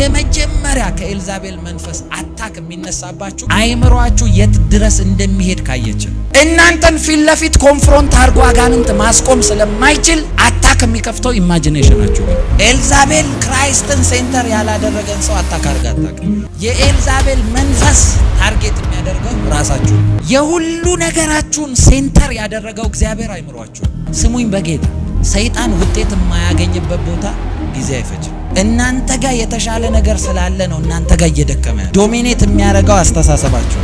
የመጀመሪያ ከኤልዛቤል መንፈስ አታክ የሚነሳባችሁ አይምሯችሁ የት ድረስ እንደሚሄድ ካየችን እናንተን ፊት ለፊት ኮንፍሮንት አድርጎ አጋንንት ማስቆም ስለማይችል አታክ የሚከፍተው ኢማጂኔሽናችሁ ነው። ኤልዛቤል ክራይስትን ሴንተር ያላደረገን ሰው አታክ አድርጋ አታክ። የኤልዛቤል መንፈስ ታርጌት የሚያደርገው ራሳችሁ። የሁሉ ነገራችሁን ሴንተር ያደረገው እግዚአብሔር አይምሯችሁ። ስሙኝ በጌታ ሰይጣን ውጤት የማያገኝበት ቦታ ጊዜ አይፈጅም። እናንተ ጋር የተሻለ ነገር ስላለ ነው እናንተ ጋር እየደከመ ዶሚኔት የሚያደርገው አስተሳሰባችሁ።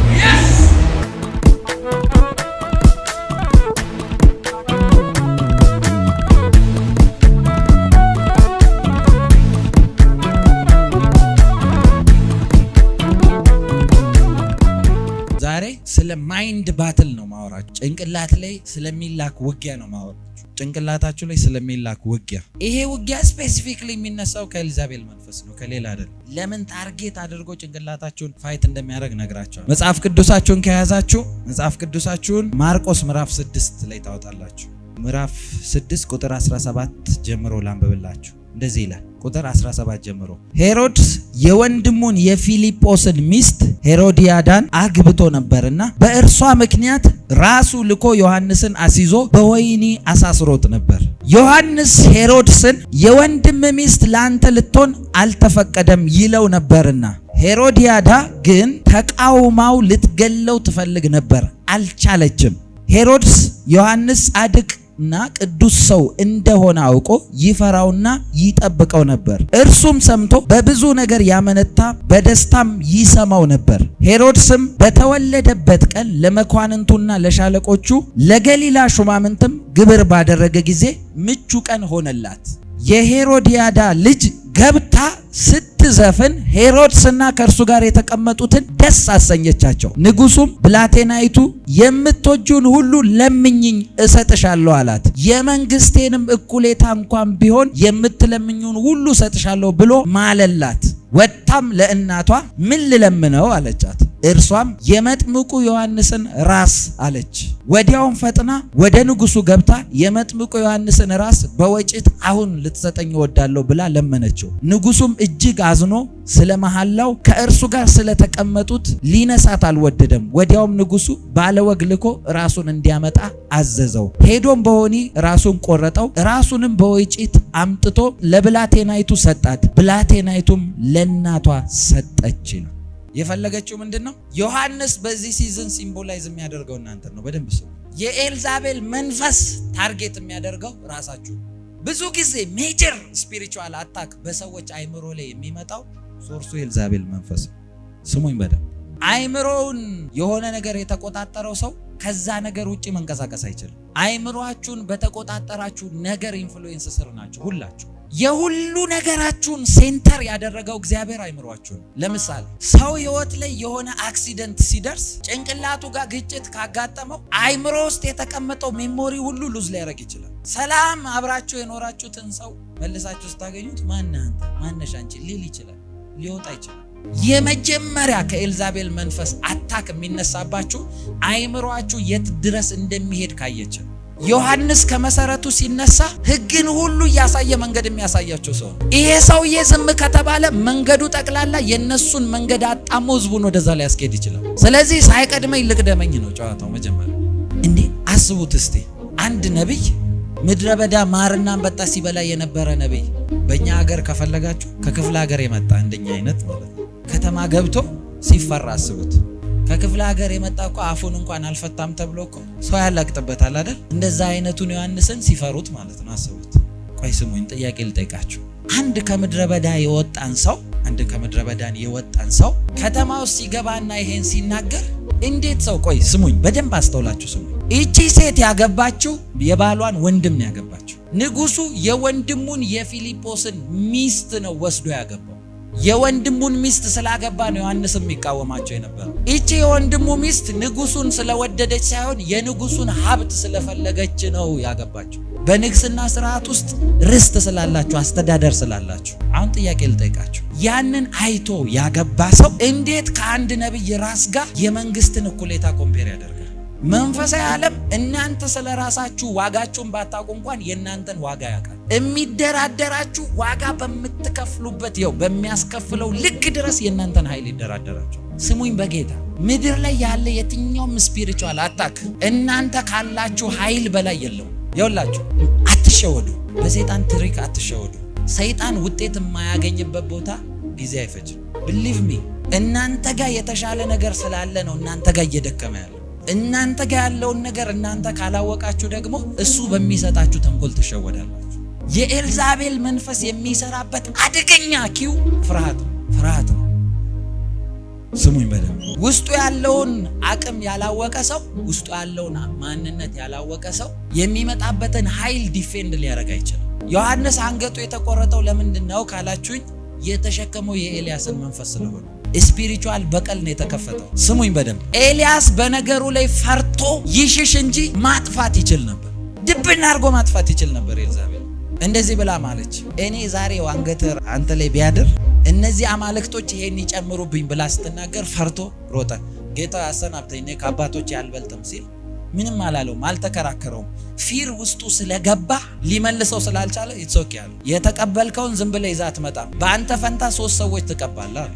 ዛሬ ስለ ማይንድ ባትል ነው ማወራችሁ። ጭንቅላት ላይ ስለሚላክ ውጊያ ነው ማወራ ጭንቅላታችሁ ላይ ስለሚላክ ውጊያ። ይሄ ውጊያ ስፔሲፊክሊ የሚነሳው ከኤልዛቤል መንፈስ ነው፣ ከሌላ አይደለም። ለምን ታርጌት አድርጎ ጭንቅላታችሁን ፋይት እንደሚያደርግ ነግራቸዋል። መጽሐፍ ቅዱሳችሁን ከያዛችሁ መጽሐፍ ቅዱሳችሁን ማርቆስ ምዕራፍ 6 ላይ ታወጣላችሁ። ምዕራፍ 6 ቁጥር 17 ጀምሮ ላንብብላችሁ። እንደዚህ ይላል ቁጥር 17 ጀምሮ ሄሮድስ የወንድሙን የፊሊጶስን ሚስት ሄሮዲያዳን አግብቶ ነበርና በእርሷ ምክንያት ራሱ ልኮ ዮሐንስን አስይዞ በወይኒ አሳስሮት ነበር። ዮሐንስ ሄሮድስን የወንድም ሚስት ለአንተ ልትሆን አልተፈቀደም ይለው ነበርና ሄሮዲያዳ ግን ተቃውማው ልትገለው ትፈልግ ነበር፣ አልቻለችም። ሄሮድስ ዮሐንስ ጻድቅ እና ቅዱስ ሰው እንደሆነ አውቆ ይፈራውና ይጠብቀው ነበር። እርሱም ሰምቶ በብዙ ነገር ያመነታ በደስታም ይሰማው ነበር። ሄሮድስም በተወለደበት ቀን ለመኳንንቱና ለሻለቆቹ ለገሊላ ሹማምንትም ግብር ባደረገ ጊዜ ምቹ ቀን ሆነላት። የሄሮዲያዳ ልጅ ገብታ ስትዘፍን ሄሮድስና ከእርሱ ጋር የተቀመጡትን ደስ አሰኘቻቸው። ንጉሱም ብላቴናይቱ የምትወጁን ሁሉ ለምኝኝ እሰጥሻለሁ አላት። የመንግስቴንም እኩሌታ እንኳን ቢሆን የምትለምኙን ሁሉ እሰጥሻለሁ ብሎ ማለላት። ወጥታም ለእናቷ ምን ልለምነው አለቻት። እርሷም የመጥምቁ ዮሐንስን ራስ አለች። ወዲያውም ፈጥና ወደ ንጉሱ ገብታ የመጥምቁ ዮሐንስን ራስ በወጭት አሁን ልትሰጠኝ እወዳለሁ ብላ ለመነችው። ንጉሱም እጅግ አዝኖ ስለ መሐላው ከእርሱ ጋር ስለተቀመጡት ሊነሳት አልወደደም። ወዲያውም ንጉሱ ባለወግ ልኮ ራሱን እንዲያመጣ አዘዘው። ሄዶም በሆኒ ራሱን ቆረጠው። ራሱንም በወጭት አምጥቶ ለብላቴናይቱ ሰጣት። ብላቴናይቱም ለእናቷ ሰጠች ነው። የፈለገችው ምንድን ነው? ዮሐንስ በዚህ ሲዝን ሲምቦላይዝ የሚያደርገው እናንተ ነው። በደንብ ስሙ። የኤልዛቤል መንፈስ ታርጌት የሚያደርገው ራሳችሁ። ብዙ ጊዜ ሜጀር ስፒሪቹዋል አታክ በሰዎች አይምሮ ላይ የሚመጣው ሶርሱ የኤልዛቤል መንፈስ ነው። ስሙኝ በደንብ አይምሮውን የሆነ ነገር የተቆጣጠረው ሰው ከዛ ነገር ውጭ መንቀሳቀስ አይችልም። አይምሯችሁን በተቆጣጠራችሁ ነገር ኢንፍሉዌንስ ስር ናቸው ሁላችሁ። የሁሉ ነገራችሁን ሴንተር ያደረገው እግዚአብሔር አይምሯችሁ። ለምሳሌ ሰው ህይወት ላይ የሆነ አክሲደንት ሲደርስ ጭንቅላቱ ጋር ግጭት ካጋጠመው አይምሮ ውስጥ የተቀመጠው ሜሞሪ ሁሉ ሉዝ ሊያደርግ ይችላል። ሰላም አብራችሁ የኖራችሁትን ሰው መልሳችሁ ስታገኙት ማነህ አንተ ማነሽ አንቺ ሊል ይችላል፣ ሊወጣ ይችላል። የመጀመሪያ ከኤልዛቤል መንፈስ አታክ የሚነሳባችሁ አይምሯችሁ የት ድረስ እንደሚሄድ ካየችን ዮሐንስ ከመሰረቱ ሲነሳ ህግን ሁሉ እያሳየ መንገድ የሚያሳያቸው ሰው ነው። ይሄ ሰውዬ ዝም ከተባለ መንገዱ ጠቅላላ የነሱን መንገድ አጣሞ ህዝቡን ወደዛ ሊያስኬድ ይችላል። ስለዚህ ሳይቀድመኝ ልቅደመኝ ነው ጨዋታው መጀመሪያ። እንዴ አስቡት እስቲ አንድ ነቢይ ምድረ በዳ ማርና አንበጣ ሲበላ የነበረ ነቢይ በእኛ ሀገር ከፈለጋችሁ ከክፍለ ሀገር የመጣ እንደኛ አይነት ማለት ነው ከተማ ገብቶ ሲፈራ አስቡት። ከክፍለ ሀገር የመጣ እኮ አፉን እንኳን አልፈታም ተብሎ እኮ ሰው ያላቅጥበታል አይደል? እንደዛ አይነቱን ዮሐንስን ሲፈሩት ማለት ነው። አስቡት። ቆይ ስሙኝ፣ ጥያቄ ልጠይቃችሁ። አንድ ከምድረ በዳ የወጣን ሰው አንድ ከምድረ በዳን የወጣን ሰው ከተማ ውስጥ ሲገባና ይሄን ሲናገር እንዴት ሰው ቆይ ስሙኝ፣ በደንብ አስተውላችሁ ስሙኝ። ይቺ ሴት ያገባችው የባሏን ወንድም ነው ያገባችው። ንጉሱ የወንድሙን የፊሊጶስን ሚስት ነው ወስዶ ያገባው። የወንድሙን ሚስት ስላገባ ነው ዮሐንስም የሚቃወማቸው የነበረው። ይቺ የወንድሙ ሚስት ንጉሱን ስለወደደች ሳይሆን የንጉሱን ሀብት ስለፈለገች ነው ያገባቸው። በንግስና ስርዓት ውስጥ ርስት ስላላችሁ፣ አስተዳደር ስላላችሁ፣ አሁን ጥያቄ ልጠይቃችሁ። ያንን አይቶ ያገባ ሰው እንዴት ከአንድ ነቢይ ራስ ጋር የመንግስትን እኩሌታ ኮምፔር ያደርጋል? መንፈሳዊ ዓለም እናንተ ስለ ራሳችሁ ዋጋችሁን ባታውቁ እንኳን የእናንተን ዋጋ ያውቃል። የሚደራደራችሁ ዋጋ በምትከፍሉበት ው በሚያስከፍለው ልክ ድረስ የእናንተን ኃይል ይደራደራቸው። ስሙኝ በጌታ ምድር ላይ ያለ የትኛውም ስፒሪቹዋል አታክ እናንተ ካላችሁ ኃይል በላይ የለው። የውላችሁ አትሸወዱ፣ በሰይጣን ትሪክ አትሸወዱ። ሰይጣን ውጤት የማያገኝበት ቦታ ጊዜ አይፈጅም። ብሊቭ ሚ እናንተ ጋር የተሻለ ነገር ስላለ ነው እናንተ ጋር እየደከመ ያለ እናንተ ጋር ያለውን ነገር እናንተ ካላወቃችሁ ደግሞ እሱ በሚሰጣችሁ ተንኮል ትሸወዳላችሁ። የኤልዛቤል መንፈስ የሚሰራበት አደገኛ ኪው ፍርሃት ነው። ፍርሃት ነው። ስሙኝ በደንብ። ውስጡ ያለውን አቅም ያላወቀ ሰው፣ ውስጡ ያለውን ማንነት ያላወቀ ሰው የሚመጣበትን ኃይል ዲፌንድ ሊያደርግ አይችልም። ዮሐንስ አንገቱ የተቆረጠው ለምንድን ነው ካላችሁኝ፣ የተሸከመው የኤልያስን መንፈስ ስለሆነ ስፒሪቹዋል በቀል ነው የተከፈተው። ስሙኝ በደንብ ኤልያስ በነገሩ ላይ ፈርቶ ይሽሽ እንጂ ማጥፋት ይችል ነበር። ድብና አድርጎ ማጥፋት ይችል ነበር። ኤልዛቤል እንደዚህ ብላ ማለች፣ እኔ ዛሬው አንገትህ አንተ ላይ ቢያድር እነዚህ አማልክቶች ይሄን ይጨምሩብኝ ብላ ስትናገር ፈርቶ ሮጠ። ጌታ አሰናብተኝ፣ እኔ ከአባቶቼ አልበልጥም ሲል ምንም አላለውም፣ አልተከራከረውም። ፊር ውስጡ ስለገባ ሊመልሰው ስላልቻለ ይትሶክ ያለ የተቀበልከውን ዝም ብለህ ይዘህ አትመጣም፣ በአንተ ፈንታ ሶስት ሰዎች ትቀባለህ።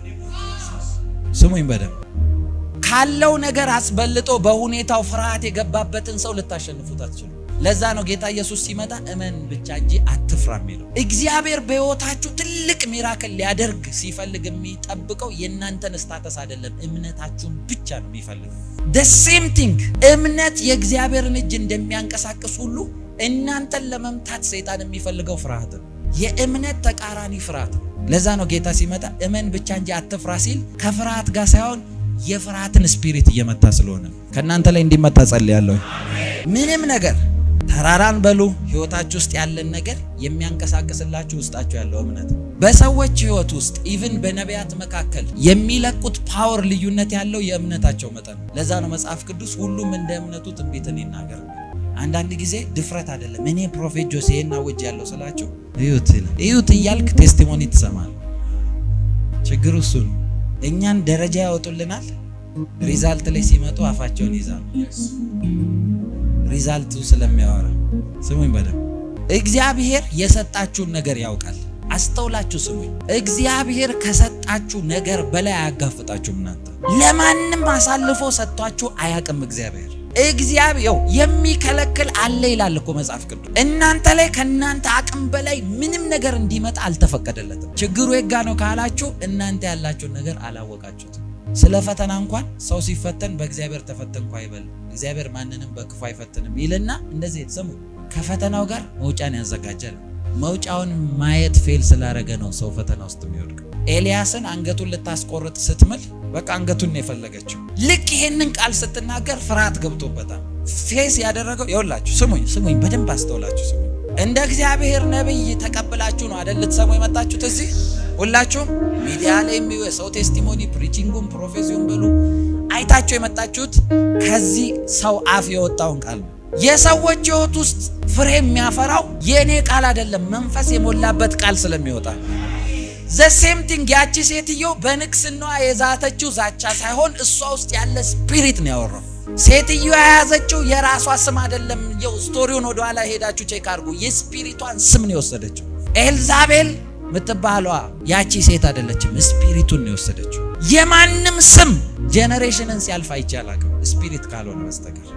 ስሙኝ በደንብ ካለው ነገር አስበልጦ በሁኔታው ፍርሃት የገባበትን ሰው ልታሸንፉት አትችሉ። ለዛ ነው ጌታ ኢየሱስ ሲመጣ እመን ብቻ እንጂ አትፍራ የሚለው። እግዚአብሔር በሕይወታችሁ ትልቅ ሚራክል ሊያደርግ ሲፈልግ የሚጠብቀው የእናንተን ስታተስ አይደለም፣ እምነታችሁን ብቻ ነው የሚፈልገው። ደ ሴም ቲንግ እምነት የእግዚአብሔርን እጅ እንደሚያንቀሳቅስ ሁሉ እናንተን ለመምታት ሰይጣን የሚፈልገው ፍርሃት ነው። የእምነት ተቃራኒ ፍርሃት። ለዛ ነው ጌታ ሲመጣ እመን ብቻ እንጂ አትፍራ ሲል ከፍርሃት ጋር ሳይሆን የፍርሃትን ስፒሪት እየመታ ስለሆነ ከእናንተ ላይ እንዲመታ ጸልያለሁ። ምንም ነገር ተራራን በሉ ህይወታችሁ ውስጥ ያለን ነገር የሚያንቀሳቅስላችሁ ውስጣችሁ ያለው እምነት። በሰዎች ህይወት ውስጥ ኢቭን በነቢያት መካከል የሚለቁት ፓወር ልዩነት ያለው የእምነታቸው መጠን። ለዛ ነው መጽሐፍ ቅዱስ ሁሉም እንደ እምነቱ ትንቢትን ይናገር። አንዳንድ ጊዜ ድፍረት አይደለም። እኔ ፕሮፌት ጆሴ እና ወጅ ያለው ስላቸው እዩት እዩት እያልክ ቴስቲሞኒ ትሰማል። ችግሩ እሱ ነው። እኛን ደረጃ ያወጡልናል። ሪዛልት ላይ ሲመጡ አፋቸውን ይዛሉ። ሪዛልቱ ስለሚያወራ ስሙኝ በደምብ። እግዚአብሔር የሰጣችሁን ነገር ያውቃል። አስተውላችሁ ስሙኝ። እግዚአብሔር ከሰጣችሁ ነገር በላይ አያጋፍጣችሁም። እናንተ ለማንም አሳልፎ ሰጥቷችሁ አያውቅም እግዚአብሔር እግዚአብሔር የሚከለክል አለ ይላል እኮ መጽሐፍ ቅዱስ። እናንተ ላይ ከእናንተ አቅም በላይ ምንም ነገር እንዲመጣ አልተፈቀደለትም። ችግሩ የጋ ነው ካላችሁ እናንተ ያላችሁን ነገር አላወቃችሁትም። ስለ ፈተና እንኳን ሰው ሲፈተን በእግዚአብሔር ተፈተንኩ አይበል፣ እግዚአብሔር ማንንም በክፉ አይፈትንም ይልና እንደዚህ የተሰሙ ከፈተናው ጋር መውጫን ያዘጋጃል። መውጫውን ማየት ፌል ስላደረገ ነው ሰው ፈተና ውስጥ ኤልያስን አንገቱን ልታስቆርጥ ስትምል በቃ አንገቱን ነው የፈለገችው። ልክ ይሄንን ቃል ስትናገር ፍርሃት ገብቶበታል። ፌስ ያደረገው ይኸውላችሁ፣ ስሙኝ ስሙኝ፣ በደንብ አስተውላችሁ ስሙኝ። እንደ እግዚአብሔር ነቢይ ተቀብላችሁ ነው አደል ልትሰሙ የመጣችሁት እዚህ ሁላችሁም ሚዲያ ላይ የሚ የሰው ቴስቲሞኒ ፕሪቺንጉን ፕሮፌሲውን በሉ አይታችሁ የመጣችሁት ከዚህ ሰው አፍ የወጣውን ቃል ነው። የሰዎች ህይወት ውስጥ ፍሬ የሚያፈራው የእኔ ቃል አይደለም፣ መንፈስ የሞላበት ቃል ስለሚወጣ ዘሴም ቲንግ ያቺ ሴትዮ በንቅስናዋ የዛተችው ዛቻ ሳይሆን እሷ ውስጥ ያለ ስፒሪት ነው ያወራው። ሴትዮ የያዘችው የራሷ ስም አይደለም። የው ስቶሪውን ወደ ሄዳችሁ ቼክ አድርጉ። የስፒሪቷን ስም ነው የወሰደችው። ኤልዛቤል ምትባሏ ያቺ ሴት አይደለችም፣ ስፒሪቱን ነው የወሰደችው። የማንም ስም ጄኔሬሽንን ሲያልፍ አይቻል አቅም ስፒሪት ካልሆነ በስተቀር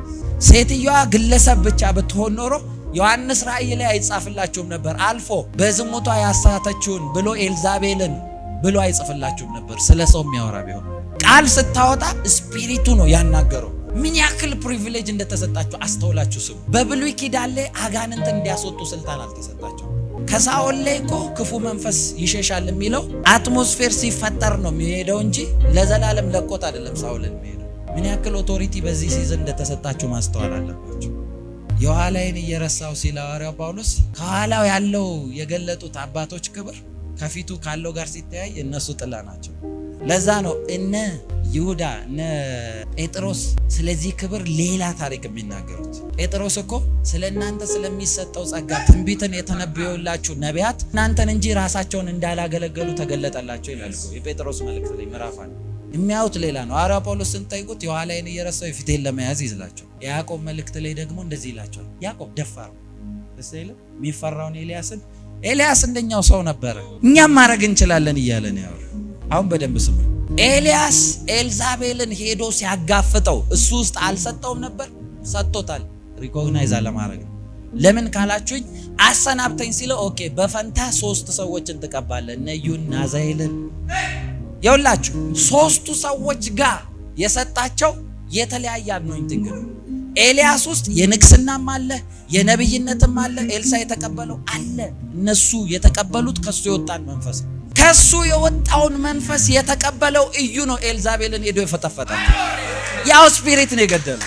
ሴትዮዋ ግለሰብ ብቻ ብትሆን ኖሮ ዮሐንስ ራእይ ላይ አይጻፍላችሁም ነበር አልፎ በዝሙቷ ያሳተችውን ብሎ ኤልዛቤልን ብሎ አይጽፍላችሁም ነበር። ስለ ሰው የሚያወራ ቢሆን ቃል ስታወጣ ስፒሪቱ ነው ያናገረው። ምን ያክል ፕሪቪሌጅ እንደተሰጣችሁ አስተውላችሁ ስሙ። በብሉይ ኪዳን ላይ አጋንንት እንዲያስወጡ ስልጣን አልተሰጣቸው። ከሳኦል ላይ እኮ ክፉ መንፈስ ይሸሻል የሚለው አትሞስፌር ሲፈጠር ነው የሚሄደው እንጂ ለዘላለም ለቆት አይደለም ሳኦልን የሚሄደው። ምን ያክል ኦቶሪቲ በዚህ ሲዝን እንደተሰጣችሁ ማስተዋል አለባቸው። የኋላይን እየረሳው ሲል ሐዋርያው ጳውሎስ ከኋላው ያለው የገለጡት አባቶች ክብር ከፊቱ ካለው ጋር ሲተያይ እነሱ ጥላ ናቸው። ለዛ ነው እነ ይሁዳ እነ ጴጥሮስ ስለዚህ ክብር ሌላ ታሪክ የሚናገሩት። ጴጥሮስ እኮ ስለ እናንተ ስለሚሰጠው ጸጋ ትንቢትን የተነበየላችሁ ነቢያት እናንተን እንጂ ራሳቸውን እንዳላገለገሉ ተገለጠላቸው ይላል። የጴጥሮስ መልእክት ላይ ምዕራፍ የሚያዩት ሌላ ነው። ሐዋርያ ጳውሎስ ስንጠይቁት የኋላዬን እየረሳሁ የፊቴን ለመያዝ ይዝላቸው። የያዕቆብ መልእክት ላይ ደግሞ እንደዚህ ይላቸዋል። ያዕቆብ ደፋር ደስ ይልም የሚፈራውን ኤልያስን ኤልያስ እንደኛው ሰው ነበረ፣ እኛም ማድረግ እንችላለን እያለ ነው አሁን በደንብ ስሙ። ኤልያስ ኤልዛቤልን ሄዶ ሲያጋፍጠው እሱ ውስጥ አልሰጠውም ነበር? ሰጥቶታል። ሪኮግናይዝ አለማድረግ ነው። ለምን ካላችሁኝ አሰናብተኝ ሲለው ኦኬ፣ በፈንታ ሶስት ሰዎችን ትቀባለን፣ ነዩን ናዛይልን ናዛኤልን የውላችሁ ሶስቱ ሰዎች ጋር የሰጣቸው የተለያየ አኖይንቲንግ ነው። ኤልያስ ውስጥ የንግስናም አለ የነብይነትም አለ። ኤልሳ የተቀበለው አለ። እነሱ የተቀበሉት ከሱ የወጣን መንፈስ ከሱ የወጣውን መንፈስ የተቀበለው እዩ ነው። ኤልዛቤልን ሄዶ የፈጠፈጠ ያው ስፒሪት ነው የገደለ።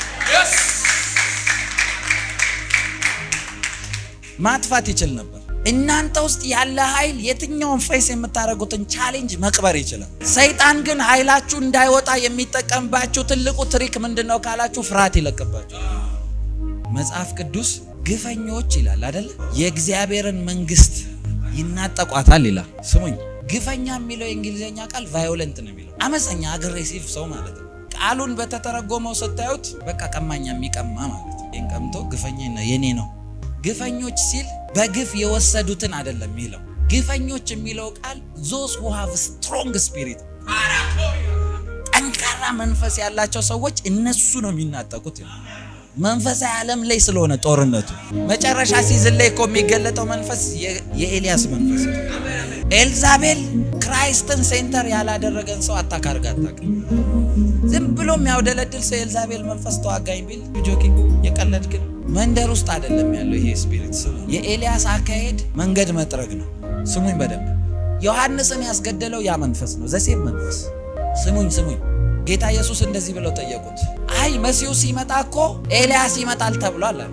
ማጥፋት ይችል ነበር እናንተ ውስጥ ያለ ኃይል የትኛውን ፌስ የምታደርጉትን ቻሌንጅ መቅበር ይችላል። ሰይጣን ግን ኃይላችሁ እንዳይወጣ የሚጠቀምባችሁ ትልቁ ትሪክ ምንድን ነው ካላችሁ ፍርሃት ይለቅባችሁ። መጽሐፍ ቅዱስ ግፈኞች ይላል አደለ? የእግዚአብሔርን መንግስት ይናጠቋታል ይላል። ስሙኝ፣ ግፈኛ የሚለው የእንግሊዝኛ ቃል ቫዮለንት ነው የሚለው አመፀኛ፣ አግሬሲቭ ሰው ማለት ነው። ቃሉን በተተረጎመው ስታዩት በቃ ቀማኛ የሚቀማ ማለት ነው። ይህን ቀምቶ ግፈኛ የኔ ነው ግፈኞች ሲል በግፍ የወሰዱትን አይደለም የሚለው ግፈኞች የሚለው ቃል ዞስ ሁ ሃቭ ስትሮንግ ስፒሪት ጠንካራ መንፈስ ያላቸው ሰዎች እነሱ ነው የሚናጠቁት። መንፈሳዊ ዓለም ላይ ስለሆነ ጦርነቱ መጨረሻ ሲዝን ላይ እኮ የሚገለጠው መንፈስ የኤልያስ መንፈስ ኤልዛቤል ክራይስትን ሴንተር ያላደረገን ሰው አታካርጋ አታውቅም። ብሎ የሚያውደለድል ሰው የኤልዛቤል መንፈስ ተዋጋኝ ቢል ጆኪ የቀለድ ግን መንደር ውስጥ አይደለም ያለው ይሄ ስፒሪት ስሙ። የኤልያስ አካሄድ መንገድ መጥረግ ነው። ስሙኝ በደንብ ዮሐንስን ያስገደለው ያ መንፈስ ነው። ዘሴብ መንፈስ ስሙኝ ስሙኝ። ጌታ ኢየሱስ እንደዚህ ብለው ጠየቁት። አይ መሲሁ ሲመጣ እኮ ኤልያስ ይመጣል ተብሏል አለ።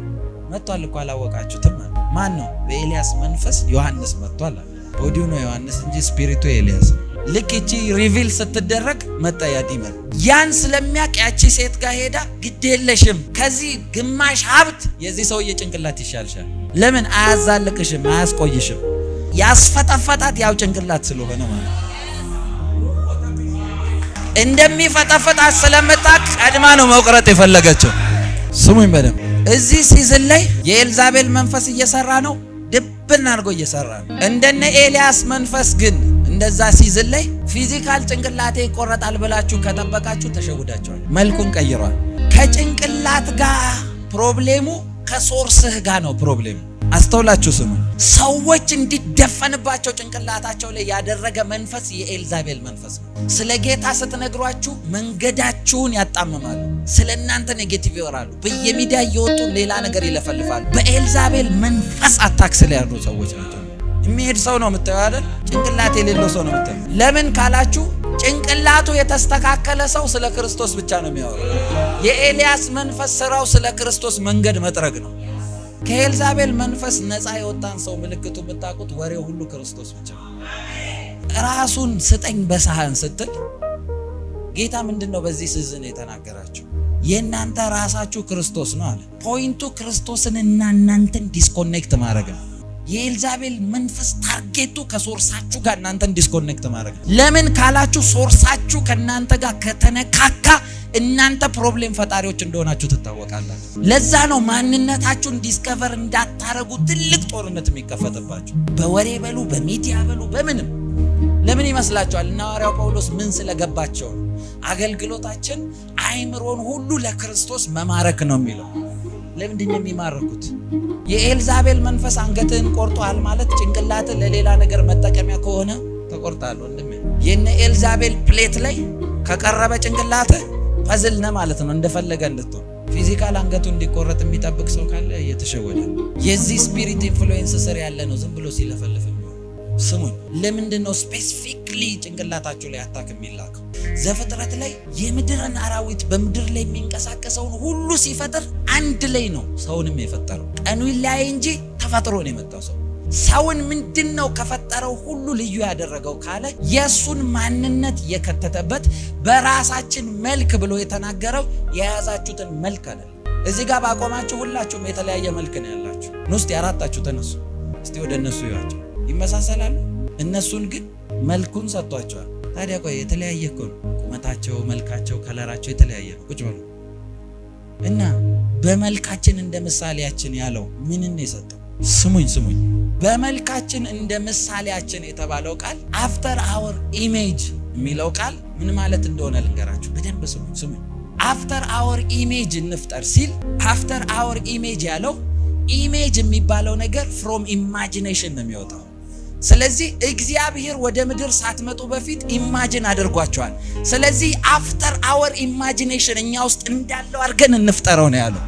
መጥቷል እኮ አላወቃችሁትም? ማን ነው? በኤልያስ መንፈስ ዮሐንስ መጥቷል አለ። ቦዲው ነው ዮሐንስ እንጂ ስፒሪቱ ኤልያስ ነው። ልክ ይቺ ሪቪል ስትደረግ መጣ ያ ዲመን። ያን ስለሚያውቅ ያቺ ሴት ጋር ሄዳ ግድ የለሽም ከዚህ ግማሽ ሀብት የዚህ ሰውዬ ጭንቅላት ይሻልሻል። ለምን አያዛልቅሽም፣ አያስቆይሽም። ያስፈጠፈጣት ያው ጭንቅላት ስለሆነ ማለት እንደሚፈጠፈጣት ስለምታቅ ቀድማ ነው መቁረጥ የፈለገችው። ስሙኝ በደንብ እዚህ ሲዝን ላይ የኤልዛቤል መንፈስ እየሰራ ነው፣ ድብን አድርጎ እየሰራ ነው። እንደነ ኤልያስ መንፈስ ግን እንደዛ ሲዝን ላይ ፊዚካል ጭንቅላቴ ይቆረጣል ብላችሁ ከጠበቃችሁ ተሸውዳችኋል። መልኩን ቀይሯል። ከጭንቅላት ጋር ፕሮብሌሙ ከሶርስህ ጋር ነው ፕሮብሌሙ። አስተውላችሁ ስሙ። ሰዎች እንዲደፈንባቸው ጭንቅላታቸው ላይ ያደረገ መንፈስ የኤልዛቤል መንፈስ ነው። ስለ ጌታ ስትነግሯችሁ መንገዳችሁን ያጣምማሉ። ስለ እናንተ ኔጌቲቭ ይወራሉ። በየሚዲያ እየወጡ ሌላ ነገር ይለፈልፋሉ። በኤልዛቤል መንፈስ አታክስ ላይ ያሉ ሰዎች ናቸው። የሚሄድ ሰው ነው የምታየው አይደል? ጭንቅላት የሌለው ሰው ነው የምታየው። ለምን ካላችሁ ጭንቅላቱ የተስተካከለ ሰው ስለ ክርስቶስ ብቻ ነው የሚያወራው። የኤልያስ መንፈስ ስራው ስለ ክርስቶስ መንገድ መጥረግ ነው። ከኤልዛቤል መንፈስ ነፃ የወጣን ሰው ምልክቱ የምታውቁት ወሬው ሁሉ ክርስቶስ ብቻ ነው። ራሱን ስጠኝ በሳህን ስትል ጌታ ምንድን ነው በዚህ ስዝን የተናገራቸው? የእናንተ ራሳችሁ ክርስቶስ ነው አለ። ፖይንቱ ክርስቶስንና እናንተን ዲስኮኔክት ማድረግ ነው። የኤልዛቤል መንፈስ ታርጌቱ ከሶርሳችሁ ጋር እናንተን ዲስኮኔክት ማድረግ ነው። ለምን ካላችሁ ሶርሳችሁ ከእናንተ ጋር ከተነካካ እናንተ ፕሮብሌም ፈጣሪዎች እንደሆናችሁ ትታወቃላችሁ። ለዛ ነው ማንነታችሁን ዲስከቨር እንዳታረጉ ትልቅ ጦርነት የሚከፈትባችሁ። በወሬ በሉ፣ በሚዲያ በሉ፣ በምንም ለምን ይመስላችኋል? እና ሐዋርያው ጳውሎስ ምን ስለገባቸው ነው? አገልግሎታችን አይምሮን ሁሉ ለክርስቶስ መማረክ ነው የሚለው ለምንድን ነው የሚማርኩት? የኤልዛቤል መንፈስ አንገትህን ቆርጧል ማለት ጭንቅላትህ ለሌላ ነገር መጠቀሚያ ከሆነ ተቆርጣል ወንድሜ። የነ ኤልዛቤል ፕሌት ላይ ከቀረበ ጭንቅላትህ ፐዝል ነ ማለት ነው። እንደፈለገ እንድትሆን ፊዚካል አንገቱ እንዲቆረጥ የሚጠብቅ ሰው ካለ እየተሸወደ የዚህ ስፒሪት ኢንፍሉዌንስ ስር ያለ ነው። ዝም ብሎ ሲለፈልፍ ስሙኝ። ለምንድን ነው ስፔሲፊክሊ ጭንቅላታችሁ ላይ አታክ የሚላከው? ዘፍጥረት ላይ የምድርን አራዊት በምድር ላይ የሚንቀሳቀሰውን ሁሉ ሲፈጥር አንድ ላይ ነው ሰውንም የፈጠረው። ቀኑ ይለያይ እንጂ ተፈጥሮ ነው የመጣው ሰው። ሰውን ምንድን ነው ከፈጠረው ሁሉ ልዩ ያደረገው ካለ የእሱን ማንነት የከተተበት በራሳችን መልክ ብሎ የተናገረው የያዛችሁትን መልክ አለ። እዚህ ጋር ባቆማችሁ ሁላችሁም የተለያየ መልክ ነው ያላችሁ። ንስቲ አራታችሁ ተነሱ እስቲ ወደ እነሱ ይዋቸው። ይመሳሰላሉ። እነሱን ግን መልኩን ሰጥቷቸዋል። ታዲያ ቆይ የተለያየ እኮ ነው። ቁመታቸው፣ መልካቸው፣ ከለራቸው የተለያየ ነው። ቁጭ በሉ እና በመልካችን እንደ ምሳሌያችን ያለው ምንን የሰጠው? ስሙኝ ስሙኝ። በመልካችን እንደ ምሳሌያችን የተባለው ቃል አፍተር አወር ኢሜጅ የሚለው ቃል ምን ማለት እንደሆነ ልንገራችሁ በደንብ ስሙኝ ስሙኝ። አፍተር አወር ኢሜጅ እንፍጠር ሲል አፍተር አወር ኢሜጅ ያለው ኢሜጅ የሚባለው ነገር ፍሮም ኢማጂኔሽን ነው የሚወጣው ስለዚህ እግዚአብሔር ወደ ምድር ሳትመጡ በፊት ኢማጅን አድርጓቸዋል። ስለዚህ አፍተር አወር ኢማጂኔሽን እኛ ውስጥ እንዳለው አድርገን እንፍጠረው ነው ያለው።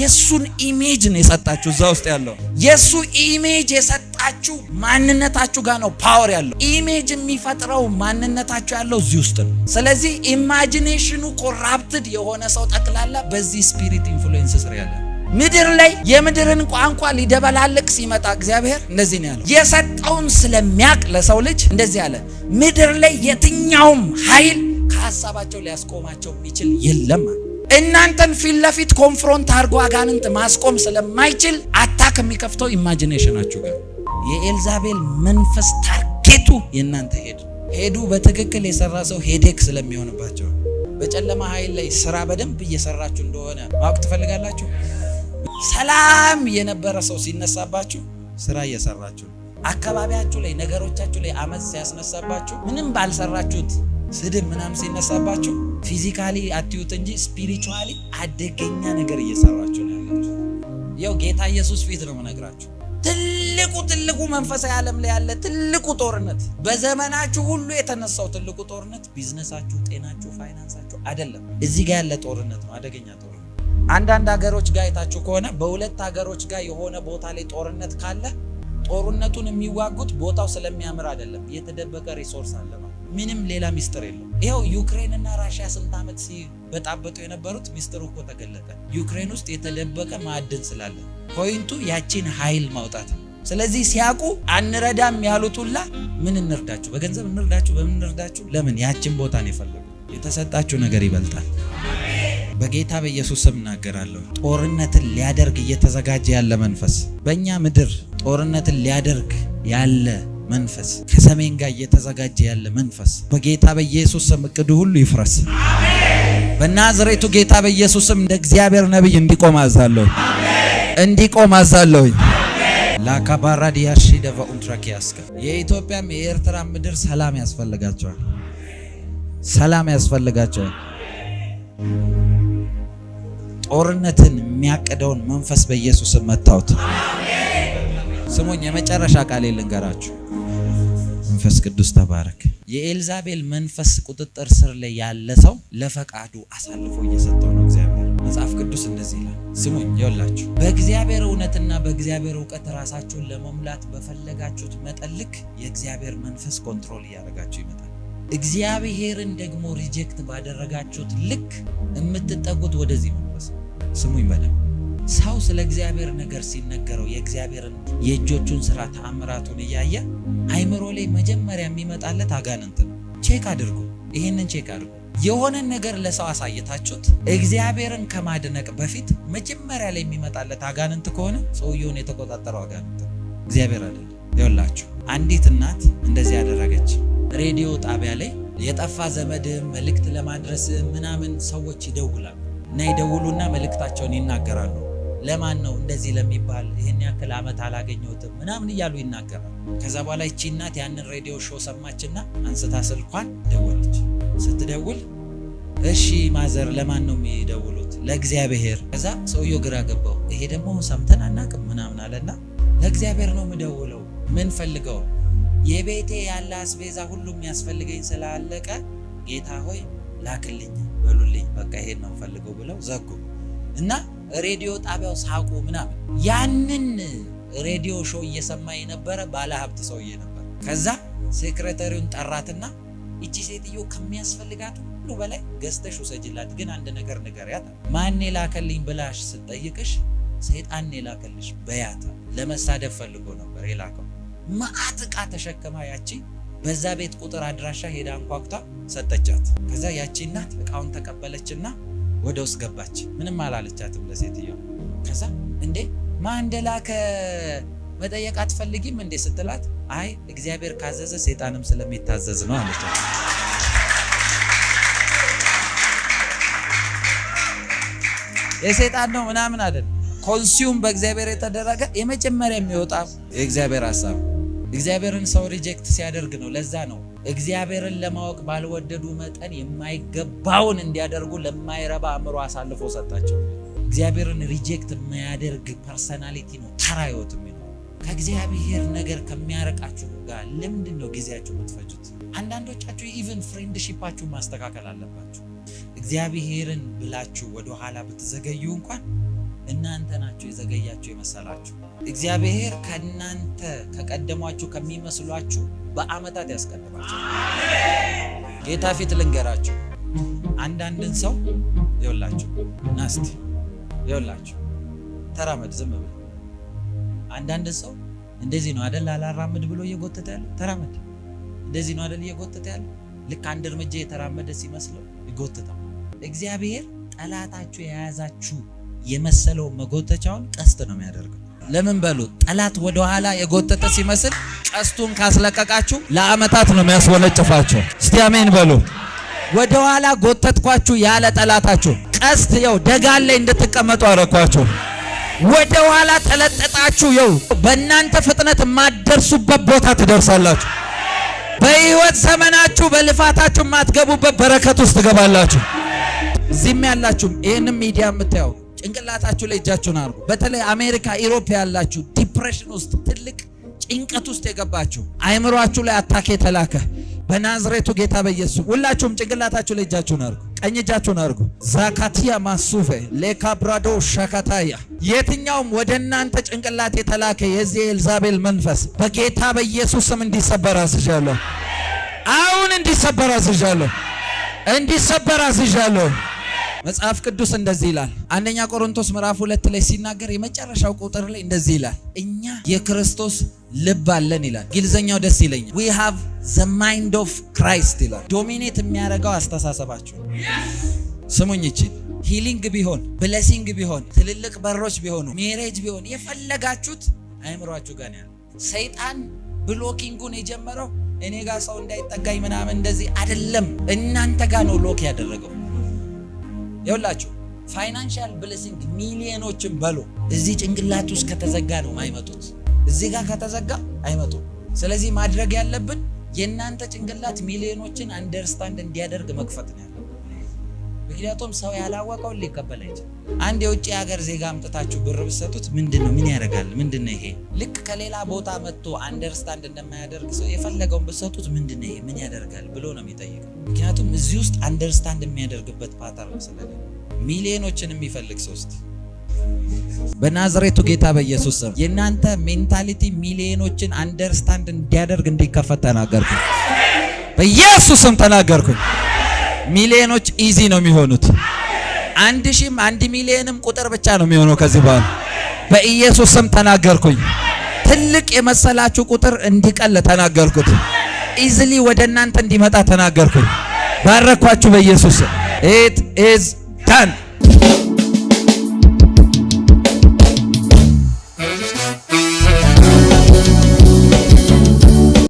የሱን ኢሜጅ ነው የሰጣችሁ። እዛ ውስጥ ያለው የሱ ኢሜጅ የሰጣችሁ ማንነታችሁ ጋር ነው ፓወር ያለው። ኢሜጅ የሚፈጥረው ማንነታችሁ ያለው እዚህ ውስጥ ነው። ስለዚህ ኢማጂኔሽኑ ኮራፕትድ የሆነ ሰው ጠቅላላ በዚህ ስፒሪት ኢንፍሉዌንስ ስር ያለ ምድር ላይ የምድርን ቋንቋ ሊደበላልቅ ሲመጣ እግዚአብሔር እንደዚህ ነው ያለው። የሰጠውን ስለሚያቅ ለሰው ልጅ እንደዚህ አለ፣ ምድር ላይ የትኛውም ኃይል ከሀሳባቸው ሊያስቆማቸው የሚችል የለም። እናንተን ፊት ለፊት ኮንፍሮንት አድርጎ አጋንንት ማስቆም ስለማይችል አታክ የሚከፍተው ኢማጂኔሽናችሁ ጋር የኤልዛቤል መንፈስ ታርጌቱ የእናንተ ሄድ ሄዱ በትክክል የሰራ ሰው ሄዴክ ስለሚሆንባቸው በጨለማ ኃይል ላይ ስራ በደንብ እየሰራችሁ እንደሆነ ማወቅ ትፈልጋላችሁ። ሰላም የነበረ ሰው ሲነሳባችሁ ስራ እየሰራችሁ ነው። አካባቢያችሁ ላይ ነገሮቻችሁ ላይ አመፅ ሲያስነሳባችሁ ምንም ባልሰራችሁት ስድብ ምናምን ሲነሳባችሁ ፊዚካሊ አትዩት እንጂ ስፒሪቹዋሊ አደገኛ ነገር እየሰራችሁ ነው ያላችሁ። ያው ጌታ ኢየሱስ ፊት ነው ምነግራችሁ። ትልቁ ትልቁ መንፈሳዊ ዓለም ላይ ያለ ትልቁ ጦርነት በዘመናችሁ ሁሉ የተነሳው ትልቁ ጦርነት ቢዝነሳችሁ፣ ጤናችሁ፣ ፋይናንሳችሁ አይደለም። እዚህ ጋር ያለ ጦርነት ነው፣ አደገኛ ጦርነት አንዳንድ ሀገሮች ጋር አይታችሁ ከሆነ በሁለት ሀገሮች ጋር የሆነ ቦታ ላይ ጦርነት ካለ ጦርነቱን የሚዋጉት ቦታው ስለሚያምር አይደለም፣ የተደበቀ ሪሶርስ አለ ምንም ሌላ ሚስጥር የለም። ይኸው ዩክሬን እና ራሽያ ስንት ዓመት ሲበጣበጡ የነበሩት ሚስጥር እኮ ተገለጠ። ዩክሬን ውስጥ የተደበቀ ማዕድን ስላለ ፖይንቱ ያቺን ኃይል ማውጣት ነው። ስለዚህ ሲያውቁ አንረዳም ያሉት ሁላ ምን እንርዳችሁ፣ በገንዘብ እንርዳችሁ፣ በምን እንርዳችሁ፣ ለምን ያችን ቦታ ነው የፈለጉ። የተሰጣችሁ ነገር ይበልጣል። በጌታ በኢየሱስ ስም እናገራለሁ። ጦርነትን ሊያደርግ እየተዘጋጀ ያለ መንፈስ በእኛ ምድር ጦርነትን ሊያደርግ ያለ መንፈስ ከሰሜን ጋር እየተዘጋጀ ያለ መንፈስ በጌታ በኢየሱስ ስም እቅዱ ሁሉ ይፍረስ። በናዝሬቱ ጌታ በኢየሱስ ስም እንደ እግዚአብሔር ነቢይ እንዲቆም አዛለሁ፣ እንዲቆም አዛለሁ። ላካባራዲያ ደቫ ኡንትራኪያስከ የኢትዮጵያም የኤርትራ ምድር ሰላም ያስፈልጋቸዋል፣ ሰላም ያስፈልጋቸዋል። ጦርነትን የሚያቅደውን መንፈስ በኢየሱስ መታውት። ስሙኝ፣ የመጨረሻ ቃል ልንገራችሁ። መንፈስ ቅዱስ ተባረክ። የኤልዛቤል መንፈስ ቁጥጥር ስር ላይ ያለ ሰው ለፈቃዱ አሳልፎ እየሰጠው ነው እግዚአብሔር። መጽሐፍ ቅዱስ እንደዚህ ይላል። ስሙኝ ይወላችሁ በእግዚአብሔር እውነትና በእግዚአብሔር እውቀት ራሳችሁን ለመሙላት በፈለጋችሁት መጠን ልክ የእግዚአብሔር መንፈስ ኮንትሮል እያደረጋችሁ ይመጣል። እግዚአብሔርን ደግሞ ሪጀክት ባደረጋችሁት ልክ የምትጠጉት ወደዚህ ነው። ስሙ ይበለም። ሰው ስለ እግዚአብሔር ነገር ሲነገረው የእግዚአብሔርን የእጆቹን ስራ ተአምራቱን እያየ አይምሮ ላይ መጀመሪያ የሚመጣለት አጋንንት ነው። ቼክ አድርጉ፣ ይህንን ቼክ አድርጉ። የሆነን ነገር ለሰው አሳየታችሁት እግዚአብሔርን ከማድነቅ በፊት መጀመሪያ ላይ የሚመጣለት አጋንንት ከሆነ ሰውየውን የተቆጣጠረው አጋንንት እግዚአብሔር አይደለም። ይኸውላችሁ አንዲት እናት እንደዚህ ያደረገች ሬዲዮ ጣቢያ ላይ የጠፋ ዘመድም መልእክት ለማድረስ ምናምን ሰዎች ይደውላሉ። እና ይደውሉና መልእክታቸውን ይናገራሉ። ለማን ነው እንደዚህ ለሚባል ይህን ያክል ዓመት አላገኘሁትም ምናምን እያሉ ይናገራሉ። ከዛ በኋላ ይቺ እናት ያንን ሬዲዮ ሾው ሰማችና አንስታ ስልኳን ደወለች። ስትደውል እሺ ማዘር ለማን ነው የሚደውሉት? ለእግዚአብሔር። ከዛ ሰውየው ግራ ገባው። ይሄ ደግሞ ሰምተን አናቅም ምናምን አለና ለእግዚአብሔር ነው የምደውለው። ምን ፈልገው? የቤቴ ያለ አስቤዛ ሁሉም የሚያስፈልገኝ ስላለቀ ጌታ ሆይ ላክልኝ በሉልኝ በቃ ይሄን ነው ፈልገው ብለው ዘጉ እና ሬዲዮ ጣቢያው ሳቁ ምናምን። ያንን ሬዲዮ ሾው እየሰማ የነበረ ባለ ሀብት ሰውዬ ነበር። ከዛ ሴክሬተሪውን ጠራትና እቺ ሴትዮ ከሚያስፈልጋት ሁሉ በላይ ገዝተሽ ውሰጅላት፣ ግን አንድ ነገር ንገሪያት። ማን የላከልኝ ብላሽ ስጠይቅሽ ሰይጣን የላከልሽ በያት። ለመሳደብ ፈልጎ ነበር የላከው። መዓት ዕቃ ተሸክማ ያቺ በዛ ቤት ቁጥር አድራሻ ሄዳ እንኳኩታ? ሰጠቻት። ከዛ ያቺ እናት እቃውን ተቀበለችና ወደ ውስጥ ገባች። ምንም አላለቻትም ለሴትየው። ከዛ እንዴ ማን እንደላከ መጠየቅ አትፈልጊም እንዴ ስትላት፣ አይ እግዚአብሔር ካዘዘ ሴጣንም ስለሚታዘዝ ነው አለቻት። የሴጣን ነው ምናምን አይደለም። ኮንሱም በእግዚአብሔር የተደረገ የመጀመሪያ የሚወጣ የእግዚአብሔር ሀሳብ እግዚአብሔርን ሰው ሪጀክት ሲያደርግ ነው። ለዛ ነው እግዚአብሔርን ለማወቅ ባልወደዱ መጠን የማይገባውን እንዲያደርጉ ለማይረባ አእምሮ አሳልፎ ሰጣቸው። እግዚአብሔርን ሪጀክት የማያደርግ ፐርሰናሊቲ ነው ተራ ህይወት ከእግዚአብሔር ነገር ከሚያረቃችሁ ጋር ለምንድን ነው ጊዜያችሁ የምትፈጁት? አንዳንዶቻችሁ ኢቨን ፍሬንድሺፓችሁ ማስተካከል አለባችሁ። እግዚአብሔርን ብላችሁ ወደኋላ ብትዘገዩ እንኳን እናንተ ናችሁ የዘገያችሁ የመሰላችሁ። እግዚአብሔር ከእናንተ ከቀደሟችሁ ከሚመስሏችሁ በአመታት ያስቀድማችሁ። ጌታ ፊት ልንገራችሁ፣ አንዳንድን ሰው ይውላችሁ ናስቲ ይውላችሁ ተራመድ፣ ዝም ብለህ አንዳንድ ሰው እንደዚህ ነው አደል አላራምድ ብሎ እየጎተተ ያለ ተራመድ፣ እንደዚህ ነው አደል እየጎተተ ያለ ልክ አንድ እርምጃ የተራመደ ሲመስለው ይጎትተው። እግዚአብሔር ጠላታችሁ የያዛችሁ የመሰለው መጎተቻውን ቀስት ነው የሚያደርገው። ለምን በሉ ጠላት ወደ ኋላ የጎተተ ሲመስል ቀስቱን ካስለቀቃችሁ ለአመታት ነው የሚያስወነጭፋችሁ። እስቲ አሜን በሉ። ወደ ኋላ ጎተትኳችሁ ያለ ጠላታችሁ ቀስት የው ደጋን ላይ እንድትቀመጡ አረኳችሁ። ወደ ኋላ ተለጠጣችሁ የው በእናንተ ፍጥነት የማትደርሱበት ቦታ ትደርሳላችሁ። በህይወት ዘመናችሁ በልፋታችሁ የማትገቡበት በረከት ውስጥ ትገባላችሁ። እዚህም ያላችሁም ይህንም ሚዲያ የምታየው ጭንቅላታችሁ ላይ እጃችሁን አርጉ። በተለይ አሜሪካ፣ ኢሮፕ ያላችሁ ዲፕሬሽን ውስጥ ትልቅ ጭንቀት ውስጥ የገባችሁ አይምሯችሁ ላይ አታክ የተላከ በናዝሬቱ ጌታ በኢየሱስ ሁላችሁም ጭንቅላታችሁ ላይ እጃችሁን አርጉ። ቀኝ እጃችሁን አርጉ ዛካቲያ ማሱፌ ሌካብራዶ ሸካታያ የትኛውም ወደ እናንተ ጭንቅላት የተላከ የዚህ ኤልዛቤል መንፈስ በጌታ በኢየሱስ ስም እንዲሰበር አዝዣለሁ። አሁን እንዲሰበር አዝዣለሁ። እንዲሰበር አዝዣለሁ። መጽሐፍ ቅዱስ እንደዚህ ይላል። አንደኛ ቆሮንቶስ ምዕራፍ ሁለት ላይ ሲናገር የመጨረሻው ቁጥር ላይ እንደዚህ ይላል፣ እኛ የክርስቶስ ልብ አለን ይላል። እንግሊዝኛው ደስ ይለኛል። ዊ ሃቭ ዘ ማይንድ ኦፍ ክራይስት ይላል። ዶሚኔት የሚያደርገው አስተሳሰባችሁ። ስሙኝ ይችን ሂሊንግ ቢሆን ብለሲንግ ቢሆን ትልልቅ በሮች ቢሆኑ ሜሬጅ ቢሆን የፈለጋችሁት አይምሯችሁ ጋር ያለ ሰይጣን ብሎኪንጉን የጀመረው እኔ ጋር ሰው እንዳይጠጋኝ ምናምን እንደዚህ አይደለም፣ እናንተ ጋር ነው ሎክ ያደረገው። ይውላችሁ ፋይናንሻል ብሌሲንግ ሚሊዮኖችን በሎ እዚህ ጭንቅላት ውስጥ ከተዘጋ ነው አይመጡት። እዚህ ጋር ከተዘጋ አይመጡም። ስለዚህ ማድረግ ያለብን የእናንተ ጭንቅላት ሚሊዮኖችን አንደርስታንድ እንዲያደርግ መክፈት ነው። ምክንያቱም ሰው ያላወቀውን ሊቀበል አይችል። አንድ የውጭ ሀገር ዜጋ አምጥታችሁ ብር ብሰጡት ምንድን ነው ምን ያደርጋል? ምንድን ነው ይሄ? ልክ ከሌላ ቦታ መጥቶ አንደርስታንድ እንደማያደርግ ሰው የፈለገውን ብሰጡት ምንድን ነው ይሄ ምን ያደርጋል ብሎ ነው የሚጠይቀው። ምክንያቱም እዚህ ውስጥ አንደርስታንድ የሚያደርግበት ፓተርን ስለሌለ ሚሊዮኖችን የሚፈልግ ሰው በናዝሬቱ ጌታ በኢየሱስ ስም የእናንተ ሜንታሊቲ ሚሊዮኖችን አንደርስታንድ እንዲያደርግ እንዲከፈት ተናገርኩኝ። በኢየሱስም ተናገርኩኝ። ሚሊዮኖች ኢዚ ነው የሚሆኑት። አንድ ሺህም አንድ ሚሊዮንም ቁጥር ብቻ ነው የሚሆነው ከዚህ በኋላ በኢየሱስ ስም ተናገርኩኝ። ትልቅ የመሰላችሁ ቁጥር እንዲቀል ተናገርኩት። ኢዝሊ ወደ እናንተ እንዲመጣ ተናገርኩኝ። ባረኳችሁ በኢየሱስ ስም። ኢት ኢዝ ዳን